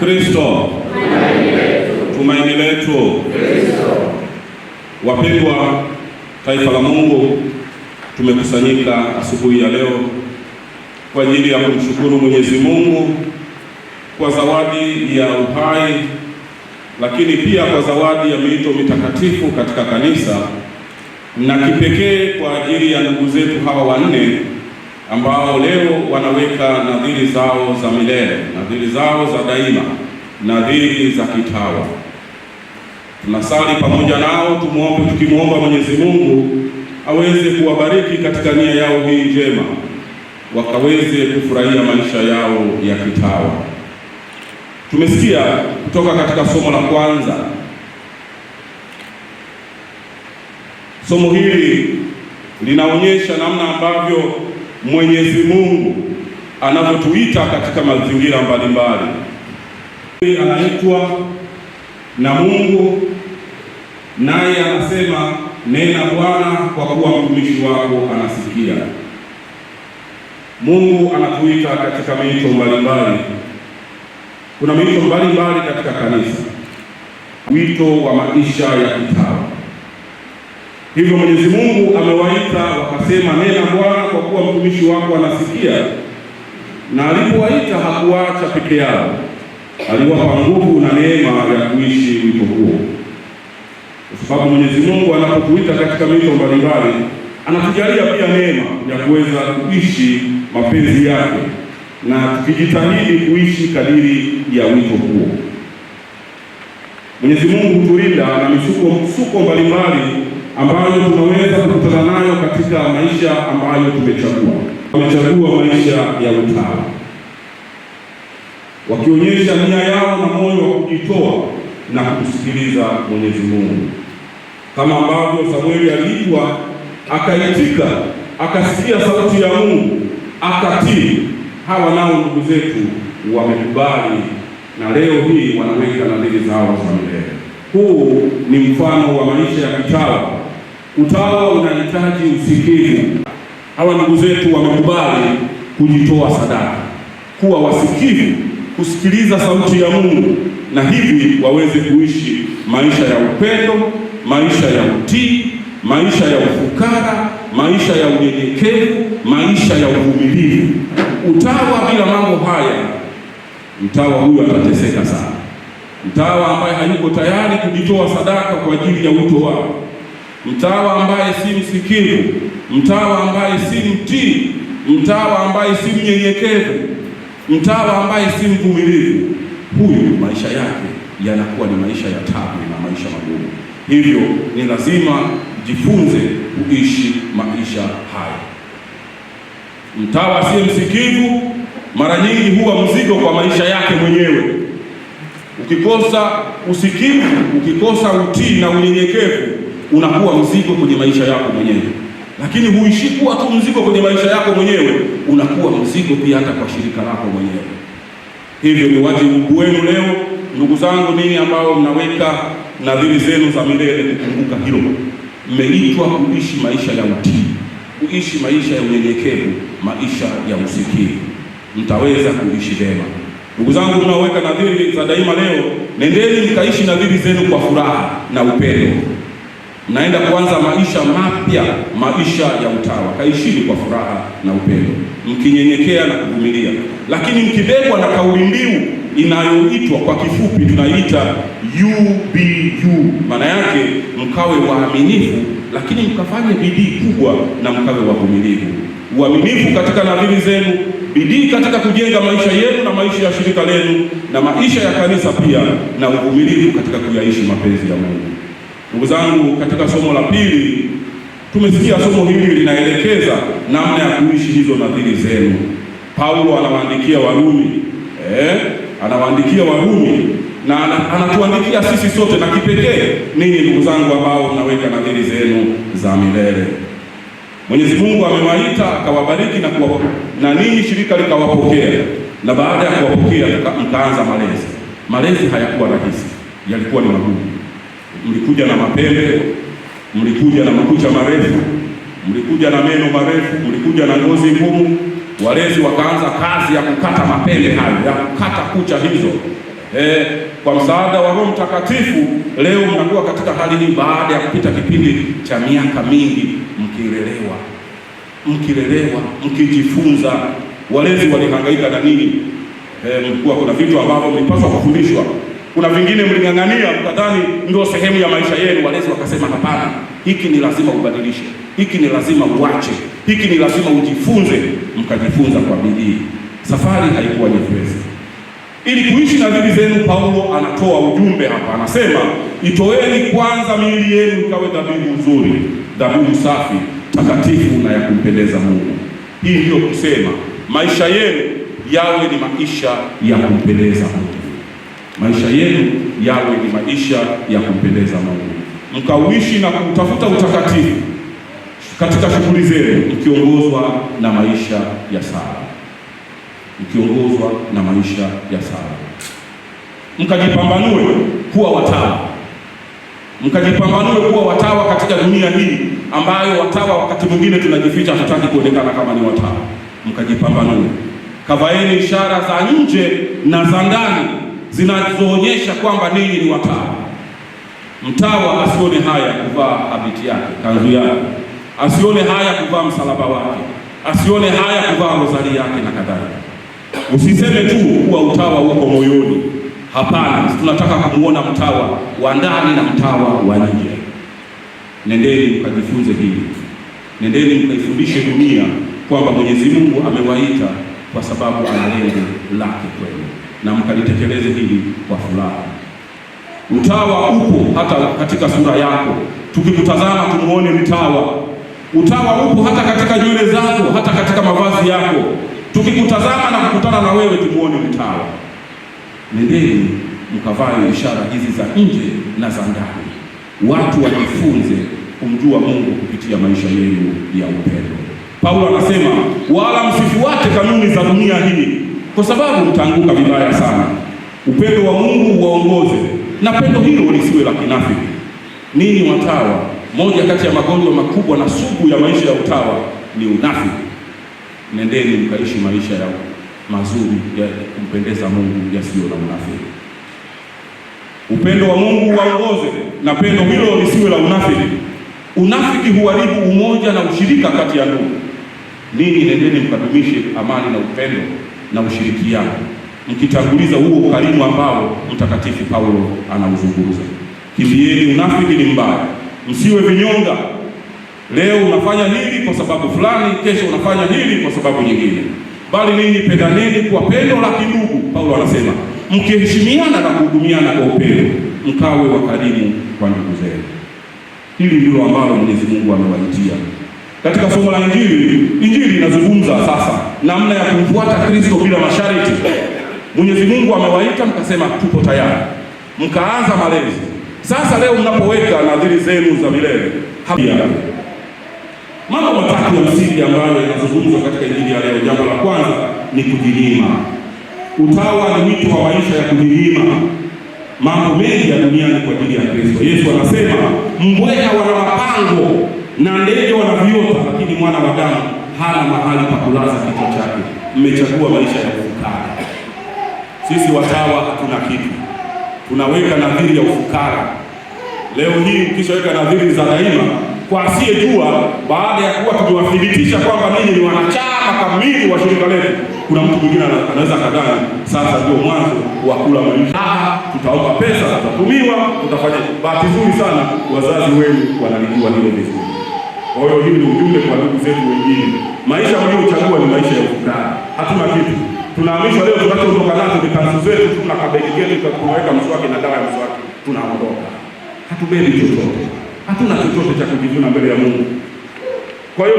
Kristo tumaini letu. Wapendwa taifa la Mungu, tumekusanyika asubuhi ya leo kwa ajili ya kumshukuru Mwenyezi Mungu kwa zawadi ya uhai, lakini pia kwa zawadi ya miito mitakatifu katika kanisa na kipekee kwa ajili ya ndugu zetu hawa wanne ambao leo wanaweka nadhiri zao za milele, nadhiri zao za daima, nadhiri za kitawa. Tunasali pamoja nao, tumuombe, tukimwomba Mwenyezi Mungu aweze kuwabariki katika nia yao hii njema, wakaweze kufurahia maisha yao ya kitawa. Tumesikia kutoka katika somo la kwanza. Somo hili linaonyesha namna ambavyo Mwenyezi Mungu anavyotuita katika mazingira mbalimbali. Anaitwa na Mungu naye anasema nena Bwana, kwa kuwa mtumishi wako anasikia. Mungu anatuita katika miito mbalimbali. Kuna miito mbalimbali katika kanisa, wito wa maisha ya kitawa. Hivyo Mwenyezi Mungu amewaita wakasema, nena Bwana, kwa kuwa mtumishi wako anasikia. Na alipowaita hakuwaacha peke yao, aliwapa nguvu na neema ya kuishi wito huo, kwa sababu Mwenyezi Mungu anapotuita katika mito mbalimbali anatujalia pia neema ya kuweza kuishi mapenzi yake na tukijitahidi kuishi kadiri ya wito huo. Mwenyezi Mungu hutulinda na misuko msuko mbalimbali ambayo tunaweza kukutana nayo katika maisha ambayo tumechagua. Wamechagua maisha ya utawa, wakionyesha nia yao na moyo wa kujitoa na kusikiliza Mwenyezi Mungu, kama ambavyo Samueli aliitwa akaitika, akasikia sauti ya Mungu akatii. Hawa nao ndugu zetu wamekubali na leo hii wanaweka nadhiri zao za mbele. Huu ni mfano wa maisha ya kitawa. Utawa unahitaji usikivu. Hawa ndugu zetu wamekubali kujitoa sadaka, kuwa wasikivu, kusikiliza sauti ya Mungu, na hivi waweze kuishi maisha ya upendo, maisha ya utii, maisha ya ufukara, maisha ya unyenyekevu, maisha ya uvumilivu. Utawa bila mambo haya, mtawa huyu atateseka sana. Mtawa ambaye hayuko tayari kujitoa sadaka kwa ajili ya wito wao mtawa ambaye si msikivu, mtawa ambaye si mtii, mtawa ambaye si mnyenyekevu, mtawa ambaye si mvumilivu, huyu maisha yake yanakuwa ni maisha ya tabu na maisha magumu. Hivyo ni lazima jifunze kuishi maisha haya. Mtawa si msikivu mara nyingi huwa mzigo kwa maisha yake mwenyewe. Ukikosa usikivu, ukikosa utii na unyenyekevu unakuwa mzigo kwenye maisha yako mwenyewe, lakini huishi kuwa tu mzigo kwenye maisha yako mwenyewe, unakuwa mzigo pia hata kwa shirika lako mwenyewe. Hivyo ni wajibu wenu leo, ndugu zangu, ninyi ambao mnaweka nadhiri zenu za milele, kukumbuka hilo. Mmeitwa kuishi maisha ya utii, kuishi maisha ya unyenyekevu, maisha ya usikivu. Mtaweza kuishi vema Ndugu zangu mnaoweka nadhiri za daima leo, nendeni mkaishi nadhiri zenu kwa furaha na upendo mnaenda kuanza maisha mapya, maisha ya utawa. Kaishini kwa furaha na upendo, mkinyenyekea na kuvumilia. Lakini mkibebwa na kauli mbiu inayoitwa kwa kifupi tunaiita UBU, maana yake mkawe waaminifu, lakini mkafanye bidii kubwa na mkawe wavumilivu. Uaminifu katika nadhiri zenu, bidii katika kujenga maisha yenu na maisha ya shirika lenu na maisha ya kanisa pia, na uvumilivu katika kuyaishi mapenzi ya Mungu. Ndugu zangu, katika somo la pili tumesikia somo hili linaelekeza namna ya kuishi hizo nadhiri zenu. Paulo anawaandikia Warumi eh, anawaandikia Warumi na anatuandikia sisi sote, na kipekee ninyi ndugu zangu ambao mnaweka nadhiri zenu za milele. Mwenyezi Mungu amewaita akawabariki na kuwa, na ninyi shirika likawapokea, na baada ya kuwapokea mkaanza malezi. Malezi hayakuwa rahisi, yalikuwa ni magumu mlikuja na mapembe, mlikuja na makucha marefu, mlikuja na meno marefu, mlikuja na ngozi ngumu. Walezi wakaanza kazi ya kukata mapembe hayo, ya kukata kucha hizo. E, kwa msaada wa Roho Mtakatifu leo mnakuwa katika hali hii, baada ya kupita kipindi cha miaka mingi mkilelewa, mkilelewa, mkijifunza. Walezi walihangaika na nini? E, mlikuwa kuna vitu ambavyo mlipaswa kufundishwa kuna vingine mling'ang'ania mkadhani ndio sehemu ya maisha yenu, walezi wakasema hapana, hiki ni lazima ubadilishe, hiki ni lazima uache, hiki ni lazima ujifunze, mkajifunza kwa bidii. Safari haikuwa nyepesi. Ili kuishi na nadhiri zenu, Paulo anatoa ujumbe hapa, anasema itoeni kwanza miili yenu ikawe dhabihu nzuri, dhabihu safi, takatifu na ya kumpendeza Mungu. Hii ndiyo kusema maisha yenu yawe ni maisha ya kumpendeza Mungu maisha yenu yawe ni maisha ya kumpendeza Mungu, mkauishi na kutafuta utakatifu katika shughuli zenu, mkiongozwa na maisha ya sala, mkiongozwa na maisha ya sala, mkajipambanue kuwa watawa, mkajipambanue kuwa watawa katika dunia hii ambayo watawa wakati mwingine tunajificha, hatutaki kuonekana kama ni watawa. Mkajipambanue, kavaeni ishara za nje na za ndani zinazoonyesha kwamba ninyi ni watawa. Mtawa asione haya kuvaa habiti yake, kanzu yake, asione haya kuvaa msalaba wake, asione haya kuvaa rozari yake na kadhalika. Usiseme tu kuwa utawa uko moyoni. Hapana, tunataka kumuona mtawa wa ndani na mtawa wa nje. Nendeni mkajifunze hili, nendeni mkaifundishe dunia kwamba Mwenyezi Mungu amewaita kwa sababu ana lengo lake kwenu na mkalitekeleze hili kwa furaha. Utawa upo hata katika sura yako, tukikutazama tumuone mtawa. Utawa upo hata katika nywele zako, hata katika mavazi yako, tukikutazama na kukutana na wewe tumuone mtawa. Nendeni mkavae ishara hizi za nje na za ndani, watu wajifunze kumjua Mungu kupitia maisha yenu ya upendo. Paulo anasema wala msifuate kanuni za dunia hii kwa sababu utaanguka vibaya sana. Upendo wa Mungu uwaongoze na pendo hilo lisiwe la kinafiki. Ninyi watawa, moja kati ya magonjwa makubwa na sugu ya maisha ya utawa ni unafiki. Nendeni mkaishi maisha ya mazuri ya kumpendeza Mungu yasiyo na unafiki. Upendo wa Mungu uwaongoze na pendo hilo lisiwe la unafiki. Unafiki huharibu umoja na ushirika kati ya ndugu. Ninyi nendeni mkadumishe amani na upendo na ushirikiano, mkitanguliza huo ukarimu ambao Mtakatifu Paulo anauzungumza. Kimbieni unafiki, ni mbaya, msiwe vinyonga. Leo unafanya hili kwa sababu fulani, kesho unafanya hili kwa sababu nyingine, bali ninyi pendaneni kwa pendo la kindugu. Paulo anasema mkiheshimiana na kuhudumiana kwa upendo, mkawe wakarimu kwa ndugu zenu. Hili ndilo ambalo Mwenyezi Mungu amewaitia katika somo la Injili, Injili inazungumza sasa namna ya kumfuata Kristo bila masharti. Mwenyezi Mungu amewaita mkasema tupo tayari, mkaanza malezi. Sasa leo mnapoweka nadhiri zenu za milele, mambo matatu ya msingi ambayo yanazungumzwa katika Injili ya leo. Jambo la kwanza ni kujinyima. Utawa ni wito wa maisha ya kujinyima. Mambo mengi ya duniani kwa ajili ya Kristo. Yesu anasema mbweha wana mapango na ndege wanaviota, lakini mwana wa damu hana mahali pa kulaza kichwa chake. Mmechagua maisha ya ufukara. Sisi watawa hatuna kitu, tunaweka nadhiri ya ufukara. Leo hii ukishaweka nadhiri za daima kwa asiyejua, baada ya kuwa tumewathibitisha kwamba ninyi ni wanachama kamili wa shirika letu, kuna mtu mwingine anaweza kadhani sasa ndio mwanzo wa kula maisha. Ah, Tutaomba pesa, tutatumiwa, tutafanya. Bahati nzuri sana wazazi wenu wanalijua hilo vizuri. Kwa hiyo hili ni ujumbe kwa ndugu zetu wengine, maisha uchagua ni maisha ya ufukara, hatuna kitu tunahamishwa leo, tunachotoka nacho ni kanzu zetu, tuna kabegi yetu, tunaweka mswaki na dawa ya mswaki, tunaondoka, hatubebi chochote, hatuna chochote cha kujivuna mbele ya Mungu. Kwa hiyo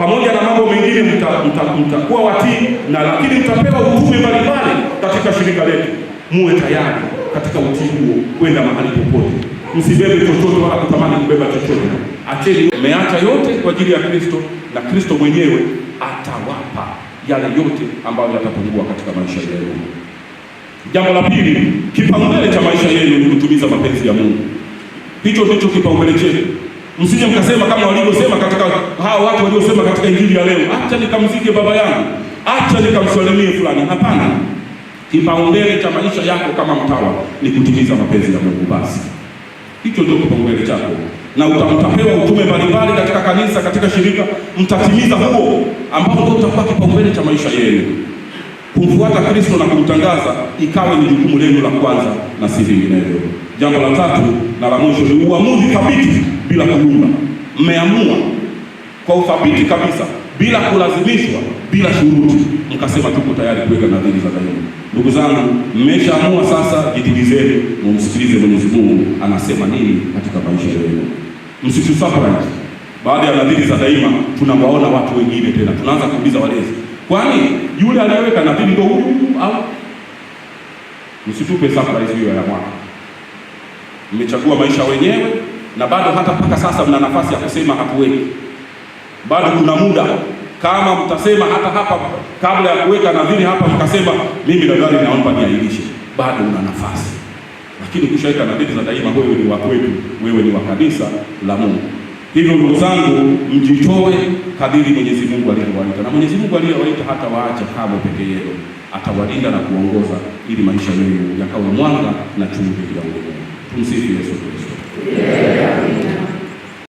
pamoja na mambo mengine mtakuwa watii na, lakini mtapewa utume mbalimbali katika shirika letu. Muwe tayari katika utii huo kwenda mahali popote msibebe chochote wala kutamani kubeba chochote, acheni. Umeacha yote kwa ajili ya Kristo na Kristo mwenyewe atawapa yale yote ambayo yatapungua katika maisha yenu. Jambo la pili, kipaumbele cha maisha yenu ni kutumiza mapenzi ya Mungu. Hicho ndicho kipaumbele chetu. Msije mkasema kama walivyosema katika hao watu waliosema katika injili ya leo, acha nikamzike baba yangu, acha nikamsalimie fulani. Hapana, kipaumbele cha maisha yako kama mtawa ni kutimiza mapenzi ya Mungu basi. Hicho ndio kipaumbele chako, na utapewa utume mbalimbali katika kanisa, katika shirika, mtatimiza huo ambao ndio utakuwa kipaumbele cha maisha yenu. Kumfuata Kristo na kumtangaza ikawe ni jukumu lenu la kwanza na si vinginevyo. Jambo la tatu na la mwisho ni uamuzi thabiti bila kuyumba. Mmeamua kwa uthabiti kabisa bila kulazimishwa, bila shuruti, mkasema tuko tayari kuweka nadhiri za daima. Ndugu zangu, mmeshaamua sasa, jitihada mumsikilize Mwenyezi Mungu anasema nini katika maisha yenu. Msitusurprise baada ya nadhiri za daima, tunawaona watu wengine tena, tunaanza kuuliza walezi, kwani yule aliyeweka nadhiri ndio huyu au? Msitupe surprise hiyo ya mwaka. Mmechagua maisha wenyewe, na bado hata mpaka sasa mna nafasi ya kusema hatuweki, bado kuna muda kama mtasema hata hapa kabla ya kuweka nadhiri hapa mkasema mimi nadhani naomba niahirishe, bado una nafasi, lakini ukishaweka nadhiri za daima, wewe ni wa kwetu, wewe ni wa kanisa la Mungu. Hivyo ndugu zangu, mjitoe kadiri Mwenyezi Mungu alivyowaita, na Mwenyezi Mungu aliyowaita hata waacha kama peke yenu, atawalinda na kuongoza ili maisha yenu yakawe mwanga na chumvi ya ulimwengu. Tumsifu Yesu Kristo.